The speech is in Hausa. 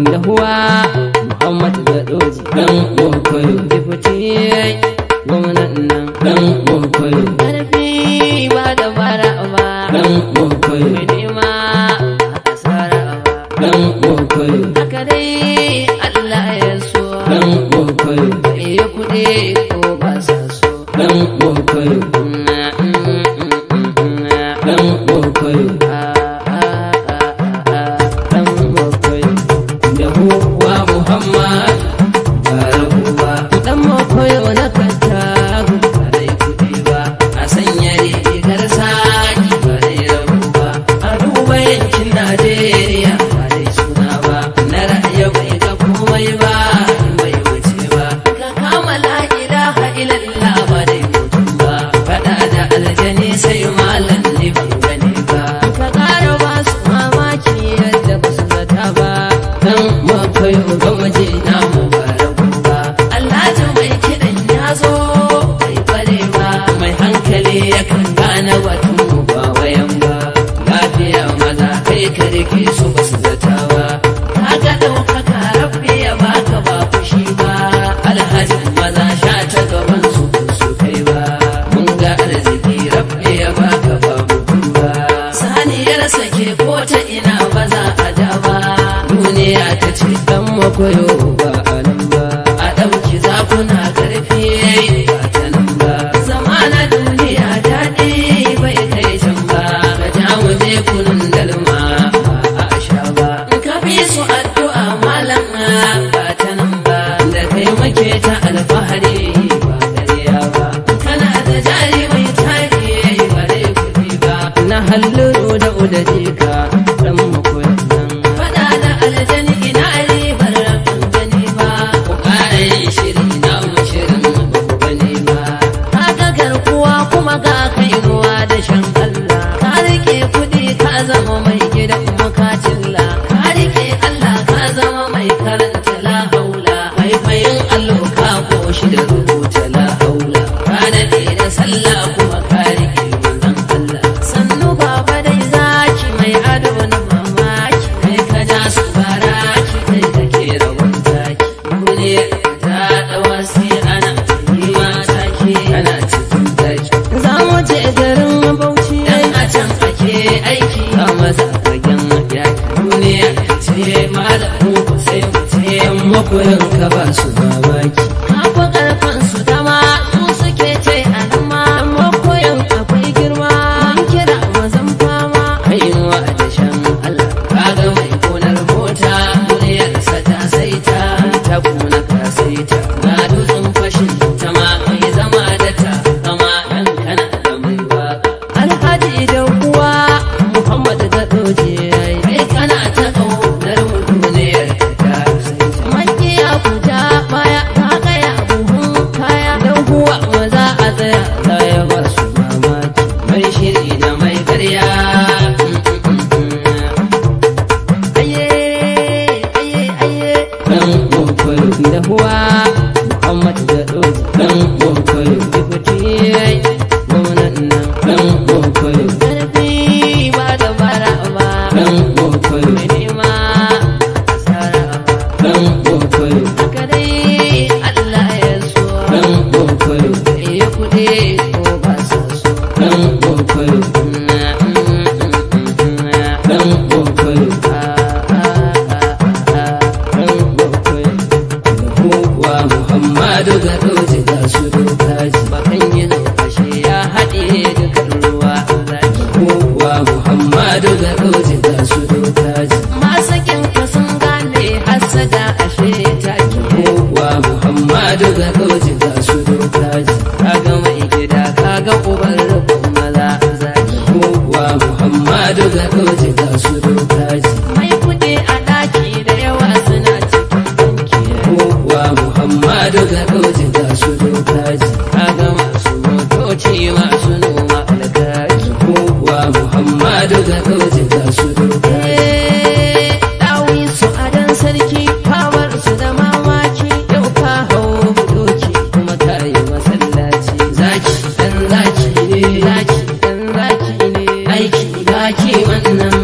da huwa Muhammad Gadoji dan Kwankwayo Difuti ba a nan ba a ɗauki zakuna gurin ka ba su babaki. akwai karfin su dama su suke ce alama amma koyon akwai girma an kira mazan fama ainuwa a tashan Allah kaga mai gonar mota yarsa ta saita ta kuna ka saita na dutsen fashin ta ma mai zama da ta kama ɗan kana da mai baka alhaji அது wa muhammadu garo jiga su daji bakan yana kashe ya haɗe dukan a zaki wa muhammadu garo jiga su daji masu kin sun gane hasada ashe taki wa muhammadu garo jiga su daji kaga mai gida kaga uban rubun maza zaki wa muhammadu garo jiga with them.